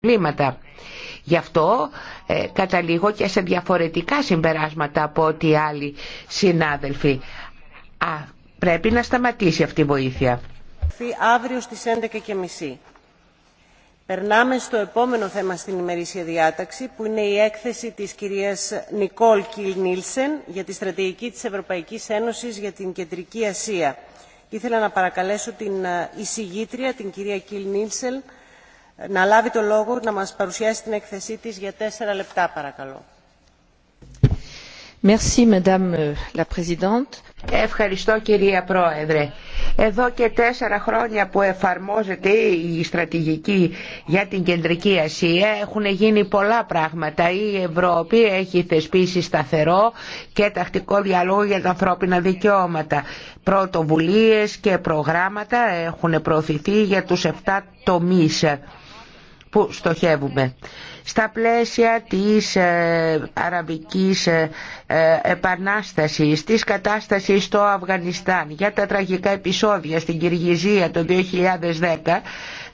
προβλήματα. Γι' αυτό ε, καταλήγω και σε διαφορετικά συμπεράσματα από ό,τι άλλοι συνάδελφοι. Α, πρέπει να σταματήσει αυτή η βοήθεια. Αύριο στις 11.30. Περνάμε στο επόμενο θέμα στην ημερήσια διάταξη που είναι η έκθεση της κυρίας Νικόλ Κιλ για τη στρατηγική της Ευρωπαϊκής Ένωσης για την Κεντρική Ασία. Ήθελα να παρακαλέσω την ε, εισηγήτρια, την κυρία Κιλ να λάβει το λόγο να μας παρουσιάσει την έκθεσή της για τέσσερα λεπτά παρακαλώ. Ευχαριστώ κυρία Πρόεδρε. Εδώ και τέσσερα χρόνια που εφαρμόζεται η στρατηγική για την Κεντρική Ασία έχουν γίνει πολλά πράγματα. Η Ευρώπη έχει θεσπίσει σταθερό και τακτικό διαλόγο για τα ανθρώπινα δικαιώματα. Πρωτοβουλίες και προγράμματα έχουν προωθηθεί για τους 7 τομείς που στοχεύουμε. Στα πλαίσια της ε, αραβικής ε, ε, επανάστασης, της κατάστασης στο Αφγανιστάν, για τα τραγικά επεισόδια στην Κυργυζία το 2010,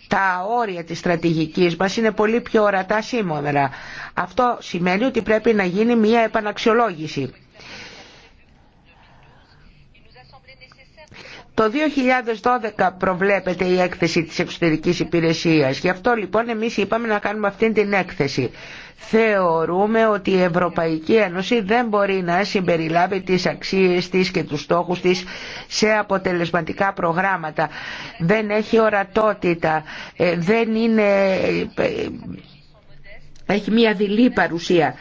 τα όρια της στρατηγικής μας είναι πολύ πιο ορατά σήμερα. Αυτό σημαίνει ότι πρέπει να γίνει μια επαναξιολόγηση. Το 2012 προβλέπεται η έκθεση της εξωτερικής υπηρεσίας. Γι' αυτό λοιπόν εμείς είπαμε να κάνουμε αυτή την έκθεση. Θεωρούμε ότι η Ευρωπαϊκή Ένωση δεν μπορεί να συμπεριλάβει τις αξίες της και τους στόχους της σε αποτελεσματικά προγράμματα. Δεν έχει ορατότητα, ε, δεν είναι... Ε, ε, έχει μια δειλή παρουσία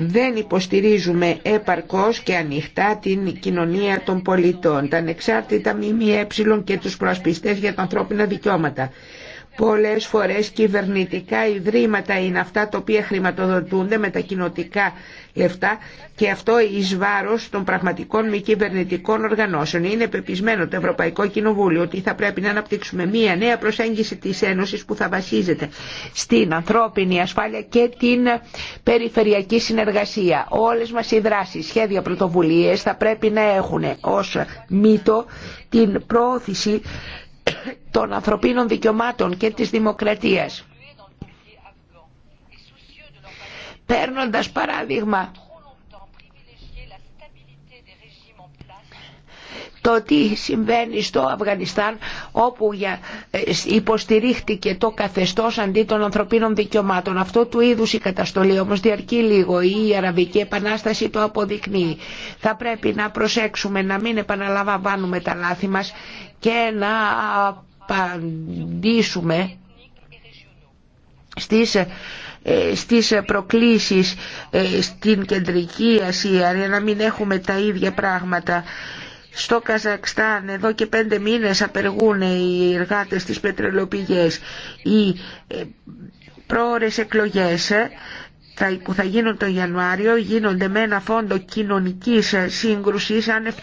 δεν υποστηρίζουμε επαρκώς και ανοιχτά την κοινωνία των πολιτών, τα ανεξάρτητα ΜΜΕ και τους προασπιστές για τα ανθρώπινα δικαιώματα. Πολλές φορές κυβερνητικά ιδρύματα είναι αυτά τα οποία χρηματοδοτούνται με τα κοινοτικά λεφτά και αυτό εις βάρος των πραγματικών μη κυβερνητικών οργανώσεων. Είναι πεπισμένο το Ευρωπαϊκό Κοινοβούλιο ότι θα πρέπει να αναπτύξουμε μία νέα προσέγγιση της Ένωσης που θα βασίζεται στην ανθρώπινη ασφάλεια και την περιφερειακή συνεργασία. Όλες μας οι δράσεις, σχέδια, πρωτοβουλίες θα πρέπει να έχουν ως μύτο την πρόθεση των ανθρωπίνων δικαιωμάτων και της δημοκρατίας. Παίρνοντας παράδειγμα το τι συμβαίνει στο Αφγανιστάν όπου ε, υποστηρίχτηκε το καθεστώς αντί των ανθρωπίνων δικαιωμάτων. Αυτό του είδους η καταστολή όμως διαρκεί λίγο ή η Αραβική Επανάσταση το αποδεικνύει. Θα πρέπει να προσέξουμε να μην επαναλαμβάνουμε τα λάθη μας και να απαντήσουμε στις ε, στις προκλήσεις ε, στην Κεντρική Ασία για να μην έχουμε τα ίδια πράγματα στο Καζακστάν εδώ και πέντε μήνες απεργούν οι εργάτες της πετρελοπηγές οι ε, πρόορες εκλογές που θα γίνουν τον Ιανουάριο γίνονται με ένα φόντο κοινωνικής ε, σύγκρουσης άνευ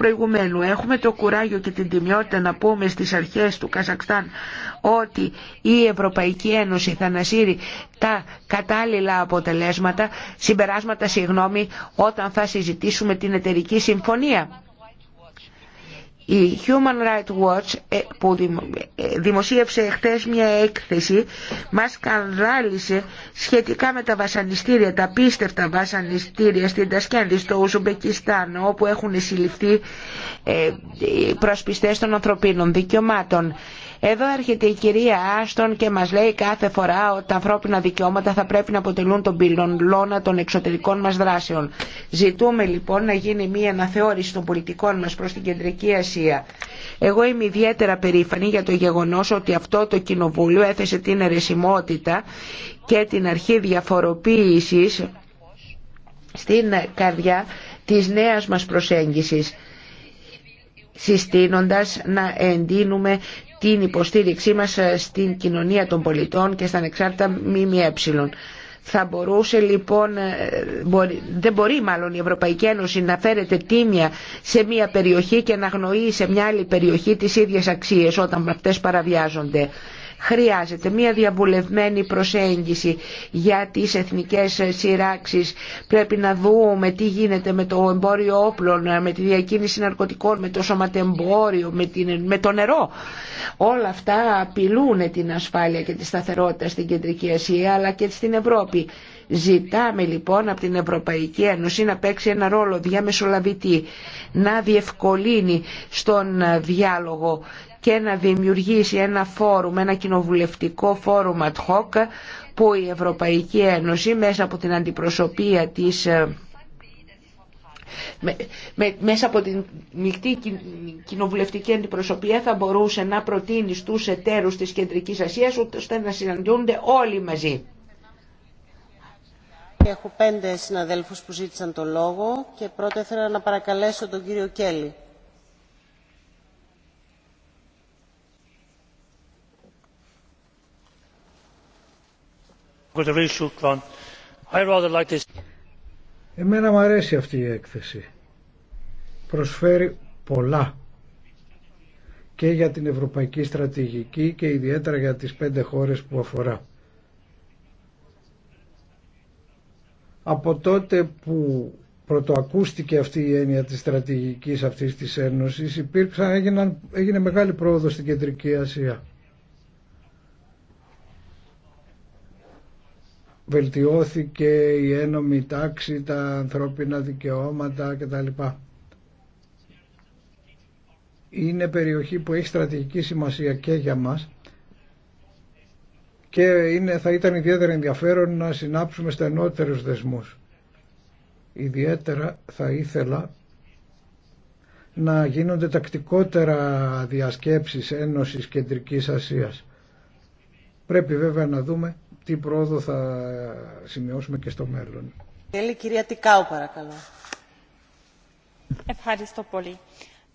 Έχουμε το κουράγιο και την τιμιότητα να πούμε στις αρχές του Καζακστάν ότι η Ευρωπαϊκή Ένωση θα ανασύρει τα κατάλληλα αποτελέσματα, συμπεράσματα συγγνώμη, όταν θα συζητήσουμε την εταιρική συμφωνία. Η Human Rights Watch ε, που ε, δημοσίευσε χτες μια έκθεση μας σκανδάλισε σχετικά με τα βασανιστήρια, τα πίστευτα βασανιστήρια στην Τασκένδη, στο Ουζουμπεκιστάν όπου έχουν συλληφθεί ε, προσπιστές των ανθρωπίνων δικαιωμάτων. Εδώ έρχεται η κυρία Άστον και μας λέει κάθε φορά ότι τα ανθρώπινα δικαιώματα θα πρέπει να αποτελούν τον λόνα των εξωτερικών μας δράσεων. Ζητούμε λοιπόν να γίνει μια αναθεώρηση των πολιτικών μας προς την Κεντρική Ασία. Εγώ είμαι ιδιαίτερα περήφανη για το γεγονός ότι αυτό το κοινοβούλιο έθεσε την αιρεσιμότητα και την αρχή διαφοροποίησης στην καρδιά της νέας μας προσέγγισης συστήνοντας να εντείνουμε την υποστήριξή μας ε, στην κοινωνία των πολιτών και στα ανεξάρτητα ΜΜΕ. Θα μπορούσε λοιπόν, ε, δεν μπορεί μάλλον η Ευρωπαϊκή Ένωση να φέρεται τίμια σε μια περιοχή και να γνωρίζει σε μια άλλη περιοχή τις ίδιες αξίες όταν αυτές παραβιάζονται. Χρειάζεται μια διαβουλευμένη προσέγγιση για τις εθνικές σειράξεις. Πρέπει να δούμε τι γίνεται με το εμπόριο όπλων, με τη διακίνηση ναρκωτικών, με το σωματεμπόριο, με, την, με το νερό. Όλα αυτά απειλούν την ασφάλεια και τη σταθερότητα στην Κεντρική Ασία αλλά και στην Ευρώπη. Ζητάμε λοιπόν από την Ευρωπαϊκή Ένωση να παίξει ένα ρόλο διαμεσολαβητή, να διευκολύνει στον διάλογο και να δημιουργήσει ένα φόρουμ, ένα κοινοβουλευτικό φόρουμ ad hoc που η Ευρωπαϊκή Ένωση μέσα από την αντιπροσωπεία της ε, μέσα από την μεικτή κοινοβουλευτική αντιπροσωπεία θα μπορούσε να προτείνει στους εταίρους της Κεντρικής Ασίας ώστε να συναντιούνται όλοι μαζί. Έχω πέντε συναδέλφους που ζήτησαν το λόγο και πρώτα ήθελα να παρακαλέσω τον κύριο Κέλλη. Εμένα μου αρέσει αυτή η έκθεση. Προσφέρει πολλά και για την ευρωπαϊκή στρατηγική και ιδιαίτερα για τις πέντε χώρες που αφορά. Από τότε που πρωτοακούστηκε αυτή η έννοια της στρατηγικής αυτής της Ένωσης υπήρξαν, έγινε μεγάλη πρόοδο στην Κεντρική Ασία. βελτιώθηκε η ένομη τάξη, τα ανθρώπινα δικαιώματα κτλ. Είναι περιοχή που έχει στρατηγική σημασία και για μας και είναι, θα ήταν ιδιαίτερα ενδιαφέρον να συνάψουμε στενότερους δεσμούς. Ιδιαίτερα θα ήθελα να γίνονται τακτικότερα διασκέψεις Ένωσης Κεντρικής Ασίας. Πρέπει βέβαια να δούμε τι πρόοδο θα σημειώσουμε και στο μέλλον. Θέλει κυρία Τικάου παρακαλώ. Ευχαριστώ πολύ.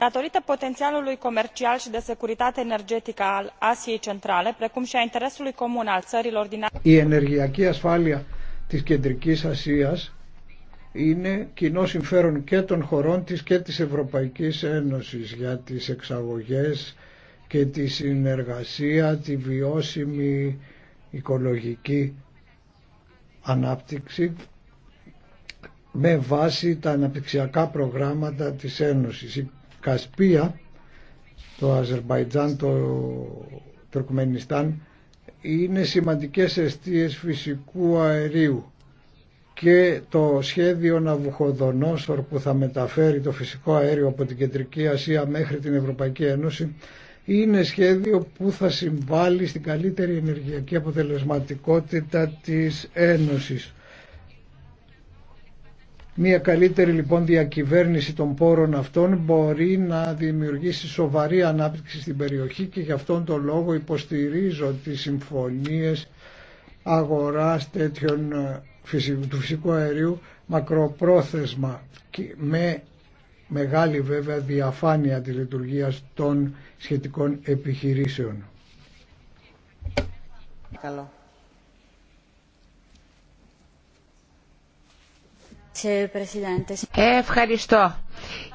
Datorită potențialului comercial și de securitate energetică al Asiei Centrale, precum și a interesului comun al țărilor din Η ενεργειακή ασφάλεια τη Κεντρική Ασία είναι κοινό συμφέρον και των χωρών τη και τη Ευρωπαϊκή Ένωση για τι εξαγωγέ και τη συνεργασία, τη βιώσιμη οικολογική ανάπτυξη με βάση τα αναπτυξιακά προγράμματα της Ένωσης. Η Κασπία, το Αζερβαϊτζάν, το Τουρκμενιστάν είναι σημαντικές αιστείες φυσικού αερίου και το σχέδιο Ναβουχοδονόσορ που θα μεταφέρει το φυσικό αέριο από την Κεντρική Ασία μέχρι την Ευρωπαϊκή Ένωση είναι σχέδιο που θα συμβάλλει στην καλύτερη ενεργειακή αποτελεσματικότητα της Ένωσης. Μια καλύτερη λοιπόν διακυβέρνηση των πόρων αυτών μπορεί να δημιουργήσει σοβαρή ανάπτυξη στην περιοχή και γι' αυτόν τον λόγο υποστηρίζω τις συμφωνίες αγοράς τέτοιων του φυσικού αερίου μακροπρόθεσμα με μεγάλη βέβαια διαφάνεια της λειτουργίας των σχετικών επιχειρήσεων. Καλό. Ευχαριστώ.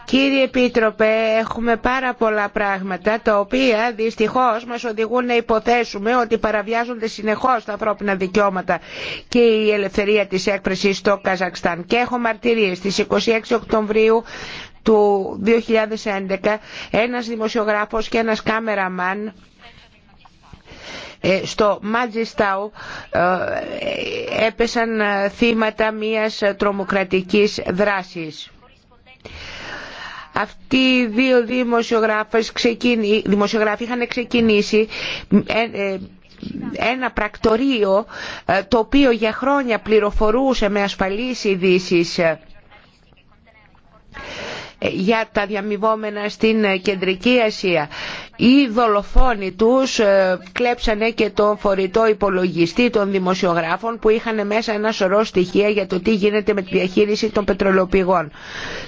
Κύριε Επίτροπε, έχουμε πάρα πολλά πράγματα τα οποία δυστυχώς μας οδηγούν να υποθέσουμε ότι παραβιάζονται συνεχώς τα ανθρώπινα δικαιώματα και η ελευθερία της έκφρασης στο Καζακστάν. Και έχω μαρτυρίες. Στις 26 Οκτωβρίου του 2011 ένας δημοσιογράφος και ένας κάμεραμαν ε, στο Μάτζισταου ε, έπεσαν ε, θύματα μιας τρομοκρατικής δράσης. Αυτοί οι δύο δημοσιογράφοι είχαν ξεκινήσει ένα πρακτορείο το οποίο για χρόνια πληροφορούσε με ασφαλείς ειδήσει για τα διαμοιβόμενα στην Κεντρική Ασία οι δολοφόνοι τους ε, κλέψανε και το φορητό υπολογιστή των δημοσιογράφων που είχαν μέσα ένα σωρό στοιχεία για το τι γίνεται με τη διαχείριση των πετρολοπηγών.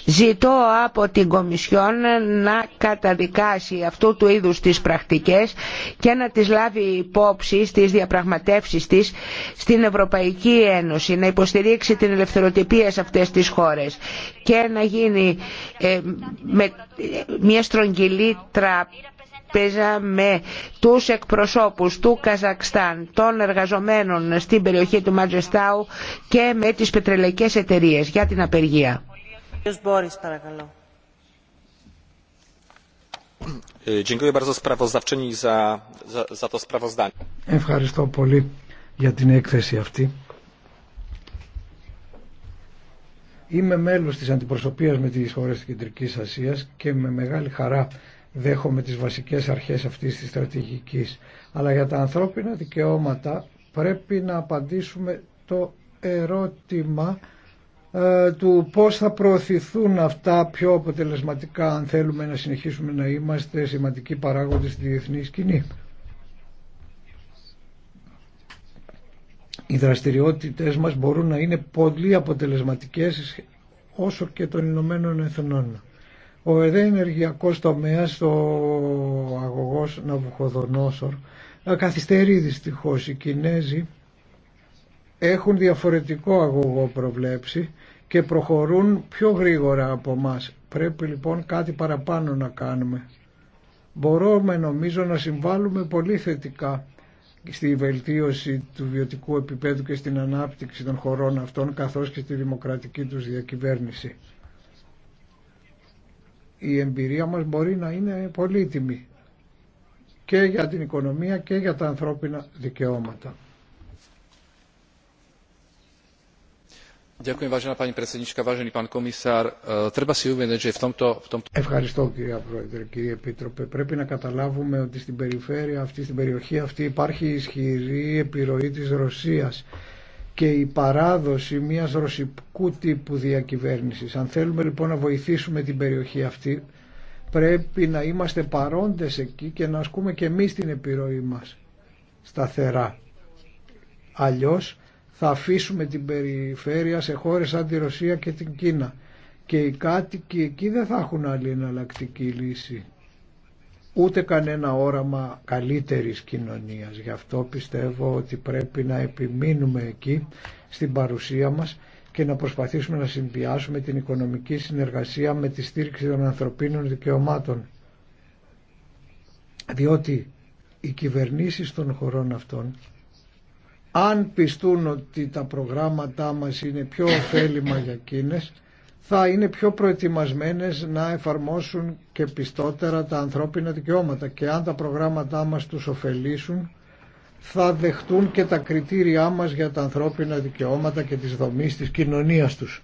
Ζητώ από την Κομισιόν να καταδικάσει αυτού του είδους τις πρακτικές και να τις λάβει υπόψη στις διαπραγματεύσεις της στην Ευρωπαϊκή Ένωση, να υποστηρίξει την ελευθεροτυπία σε αυτές τις χώρες και να γίνει ε, με, ε, μια στρογγυλή τραπέζα τραπέζα με τους εκπροσώπους του Καζακστάν, των εργαζομένων στην περιοχή του Ματζεστάου και με τις πετρελαϊκές εταιρείες για την απεργία. Ε, Ευχαριστώ πολύ για την έκθεση αυτή. Είμαι μέλος της αντιπροσωπείας με τις χώρες της Κεντρικής Ασίας και με μεγάλη χαρά δέχομαι τις βασικές αρχές αυτής της στρατηγικής. Αλλά για τα ανθρώπινα δικαιώματα πρέπει να απαντήσουμε το ερώτημα ε, του πώς θα προωθηθούν αυτά πιο αποτελεσματικά αν θέλουμε να συνεχίσουμε να είμαστε σημαντικοί παράγοντες στη διεθνή σκηνή. Οι δραστηριότητες μας μπορούν να είναι πολύ αποτελεσματικές όσο και των Ηνωμένων Εθνών. Ο ΕΔΕ ενεργειακός τομέας, ο αγωγός Ναβουχοδονόσορ, ε, καθυστερεί δυστυχώ, οι Κινέζοι έχουν διαφορετικό αγωγό προβλέψει και προχωρούν πιο γρήγορα από μας. Πρέπει λοιπόν κάτι παραπάνω να κάνουμε. Μπορούμε νομίζω να συμβάλλουμε πολύ θετικά στη βελτίωση του βιωτικού επίπεδου και στην ανάπτυξη των χωρών αυτών καθώς και στη δημοκρατική τους διακυβέρνηση η εμπειρία μας μπορεί να είναι πολύτιμη και για την οικονομία και για τα ανθρώπινα δικαιώματα. Ευχαριστώ κύριε Πρόεδρε, κύριε Επίτροπε. Πρέπει να καταλάβουμε ότι στην περιφέρεια αυτή, στην περιοχή αυτή υπάρχει ισχυρή επιρροή της Ρωσίας και η παράδοση μιας ρωσικού τύπου διακυβέρνησης. Αν θέλουμε λοιπόν να βοηθήσουμε την περιοχή αυτή πρέπει να είμαστε παρόντες εκεί και να ασκούμε και εμείς την επιρροή μας σταθερά. Αλλιώς θα αφήσουμε την περιφέρεια σε χώρες σαν τη Ρωσία και την Κίνα και οι κάτοικοι εκεί δεν θα έχουν άλλη εναλλακτική λύση ούτε κανένα όραμα καλύτερης κοινωνίας. Γι' αυτό πιστεύω ότι πρέπει να επιμείνουμε εκεί στην παρουσία μας και να προσπαθήσουμε να συμπιάσουμε την οικονομική συνεργασία με τη στήριξη των ανθρωπίνων δικαιωμάτων. Διότι οι κυβερνήσεις των χωρών αυτών αν πιστούν ότι τα προγράμματά μας είναι πιο ωφέλιμα για εκείνες θα είναι πιο προετοιμασμένες να εφαρμόσουν και πιστότερα τα ανθρώπινα δικαιώματα και αν τα προγράμματά μας τους ωφελήσουν θα δεχτούν και τα κριτήριά μας για τα ανθρώπινα δικαιώματα και τις δομής της κοινωνίας τους.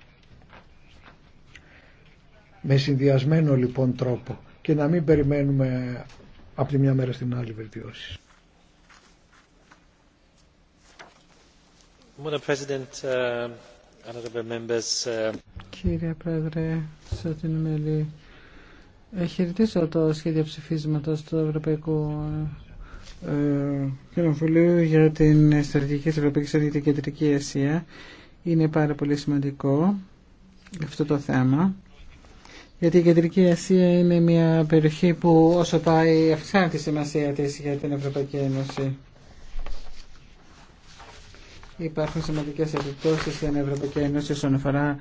Με συνδυασμένο λοιπόν τρόπο και να μην περιμένουμε από τη μια μέρα στην άλλη βελτιώσεις. President, uh, Uh, Κύριε Πρόεδρε, σε την μέλη, ε, χαιρετίζω το σχέδιο ψηφίσματος του Ευρωπαϊκού ε, Κοινοβουλίου για την στρατηγική της Ευρωπαϊκής Ένωσης και την Κεντρική Ασία. Είναι πάρα πολύ σημαντικό αυτό το θέμα. Γιατί η Κεντρική Ασία είναι μια περιοχή που όσο πάει αυξάνει τη σημασία της για την Ευρωπαϊκή Ένωση υπάρχουν σημαντικές επιπτώσεις στην Ευρωπαϊκή Ένωση όσον αφορά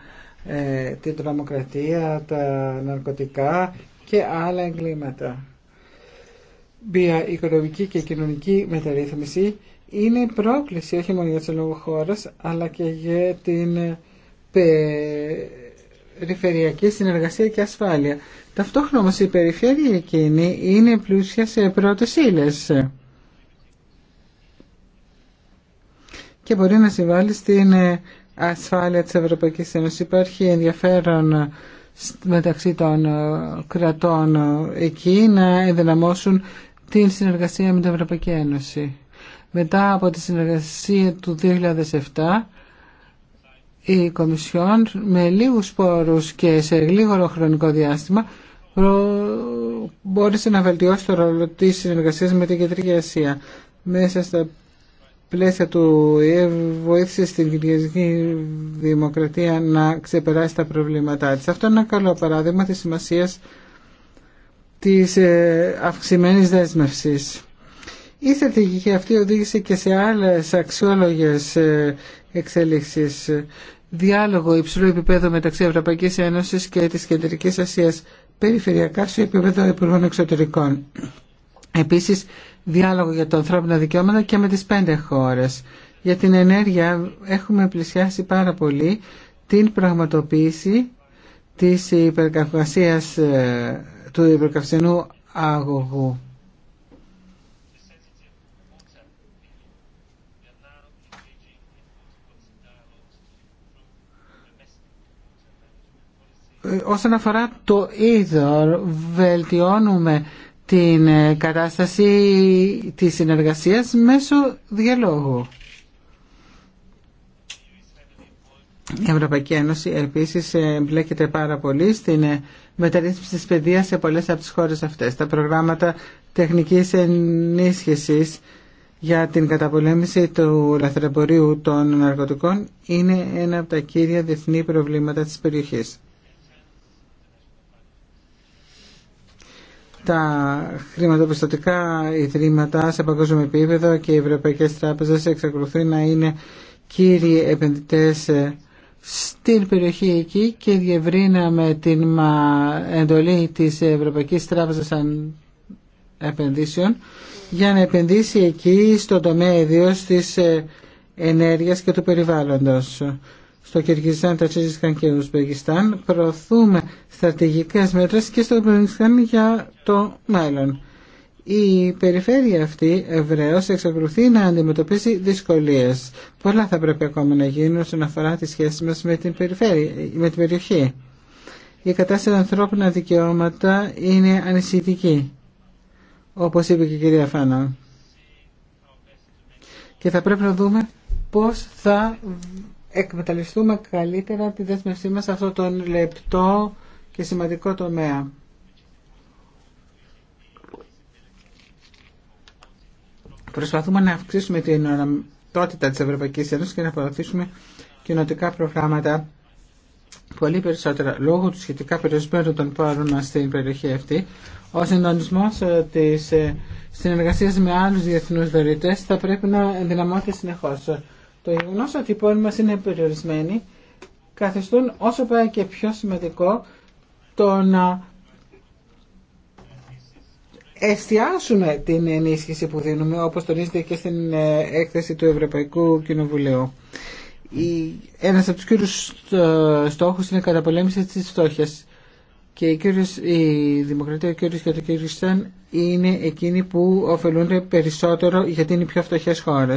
ε, την τρομοκρατία, τα ναρκωτικά και άλλα εγκλήματα. Μια οικονομική και κοινωνική μεταρρύθμιση είναι πρόκληση όχι μόνο για τις λόγω χώρες, αλλά και για την περιφερειακή συνεργασία και ασφάλεια. Ταυτόχρονα όμως η περιφέρεια εκείνη είναι πλούσια σε πρώτες ύλες. και μπορεί να συμβάλλει στην ε, ασφάλεια της Ευρωπαϊκής Ένωσης. Υπάρχει ενδιαφέρον ε, μεταξύ των ε, κρατών εκεί να ενδυναμώσουν την συνεργασία με την Ευρωπαϊκή Ένωση. Μετά από τη συνεργασία του 2007, η Κομισιόν με λίγους πόρους και σε λίγο χρονικό διάστημα μπόρεσε να βελτιώσει το ρόλο της συνεργασίας με την Κεντρική Ασία. Μέσα στα πλαίσια του ΕΕ βοήθησε στην Κυριακή Δημοκρατία να ξεπεράσει τα προβλήματά της. Αυτό είναι ένα καλό παράδειγμα της σημασίας της ε, αυξημένης δέσμευσης. Η στρατηγική αυτή οδήγησε και σε άλλες αξιόλογες ε, εξελίξεις. Διάλογο υψηλού επίπεδου μεταξύ Ευρωπαϊκής Ένωσης και της Κεντρικής Ασίας περιφερειακά σε επίπεδο Υπουργών Εξωτερικών. Επίσης, διάλογο για τα ανθρώπινα δικαιώματα και με τις πέντε χώρες. Για την ενέργεια έχουμε πλησιάσει πάρα πολύ την πραγματοποίηση της υπερκαυγασίας ε, του υπερκαυσινού αγωγού. Ε, όσον αφορά το είδωρ, βελτιώνουμε την ε, κατάσταση της συνεργασίας μέσω διαλόγου. Η Ευρωπαϊκή Ένωση επίση εμπλέκεται πάρα πολύ στην ε, μεταρρύθμιση της παιδείας σε πολλές από τις χώρες αυτές. Τα προγράμματα τεχνικής ενίσχυσης για την καταπολέμηση του λαθρεμπορίου των ναρκωτικών είναι ένα από τα κύρια διεθνή προβλήματα της περιοχής. τα χρηματοπιστωτικά ιδρύματα σε παγκόσμιο επίπεδο και οι ευρωπαϊκές τράπεζες εξακολουθούν να είναι κύριοι επενδυτές ε, στην περιοχή εκεί και διευρύναμε την εντολή της Ευρωπαϊκής Τράπεζας Επενδύσεων για να επενδύσει εκεί στον τομέα ιδίως της ε, ενέργειας και του περιβάλλοντος στο Κυργιστάν, Τατσίρισταν και Ουσμπεγιστάν, προωθούμε στρατηγικές μέτρες και στο Ουσμπεγιστάν για το μέλλον. Η περιφέρεια αυτή ευρέω εξακολουθεί να αντιμετωπίσει δυσκολίες. Πολλά θα πρέπει ακόμα να γίνουν όσον αφορά τη σχέση μας με την, με την περιοχή. Η κατάσταση ανθρώπινα δικαιώματα είναι ανησυχητική, όπως είπε και η κυρία Φάνα. Και θα πρέπει να δούμε πώς θα εκμεταλλευτούμε καλύτερα τη δέσμευσή μας σε αυτό τον λεπτό και σημαντικό τομέα. Προσπαθούμε να αυξήσουμε την ορατότητα της Ευρωπαϊκής Ένωσης και να προωθήσουμε κοινοτικά προγράμματα πολύ περισσότερα λόγω του σχετικά περιορισμένου των πόρων μας στην περιοχή αυτή. Ο συντονισμό ε, της ε, συνεργασία με άλλου διεθνού δωρητέ θα πρέπει να ενδυναμώται συνεχώ. Το γεγονό ότι οι πόροι μα είναι περιορισμένοι καθιστούν όσο πάει και πιο σημαντικό το να εστιάσουμε την ενίσχυση που δίνουμε, όπως τονίζεται και στην ε, έκθεση του Ευρωπαϊκού Κοινοβουλίου. Ένας από τους κύριους ε, στόχους είναι η καταπολέμηση της φτώχειας. Και η, κύριος, η Δημοκρατία, ο κύριος και το κύριο Σταν είναι εκείνοι που ωφελούνται περισσότερο γιατί είναι οι πιο φτωχές χώρε.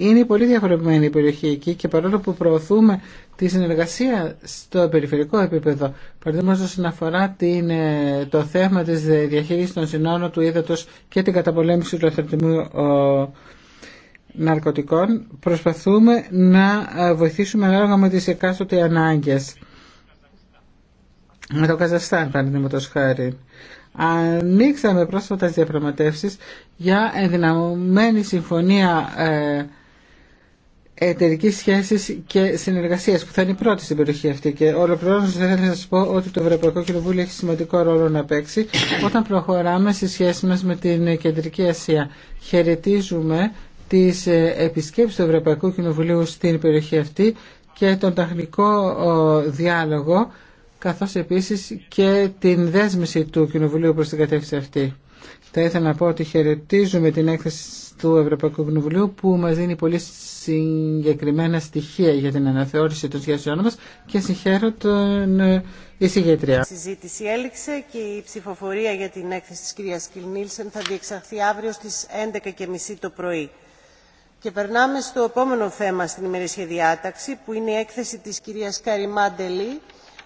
Είναι πολύ διαφορετική η περιοχή εκεί και παρόλο που προωθούμε τη συνεργασία στο περιφερικό επίπεδο, παραδείγματο όσον αφορά ε, το θέμα της διαχείρισης των συνόρων του ύδατος και την καταπολέμηση του αθλητισμού ναρκωτικών, προσπαθούμε να ε, βοηθήσουμε ανάλογα με τις εκάστοτε ανάγκες. Με το Καζαστάν, παραδείγματο χάρη. Ανοίξαμε πρόσφατα διαπραγματεύσεις για ενδυναμωμένη συμφωνία ε, εταιρική σχέση και συνεργασία που θα είναι η πρώτη στην περιοχή αυτή. Και ολοκληρώνοντα, θα ήθελα να σα πω ότι το Ευρωπαϊκό Κοινοβούλιο έχει σημαντικό ρόλο να παίξει όταν προχωράμε στη σχέση μα με την Κεντρική Ασία. Χαιρετίζουμε τι επισκέψει του Ευρωπαϊκού Κοινοβουλίου στην περιοχή αυτή και τον τεχνικό διάλογο καθώς επίσης και την δέσμευση του Κοινοβουλίου προς την κατεύθυνση αυτή. Θα ήθελα να πω ότι χαιρετίζουμε την έκθεση του Ευρωπαϊκού Κοινοβουλίου που μας δίνει πολύ συγκεκριμένα στοιχεία για την αναθεώρηση των σχέσεων μας και συγχαίρω τον εισηγήτρια. Η συζήτηση έληξε και η ψηφοφορία για την έκθεση της κυρίας Κιλνίλσεν θα διεξαχθεί αύριο στις 11.30 το πρωί. Και περνάμε στο επόμενο θέμα στην ημερήσια διάταξη που είναι η έκθεση της κυρίας Καριμάντελη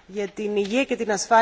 για την υγεία και την ασφάλεια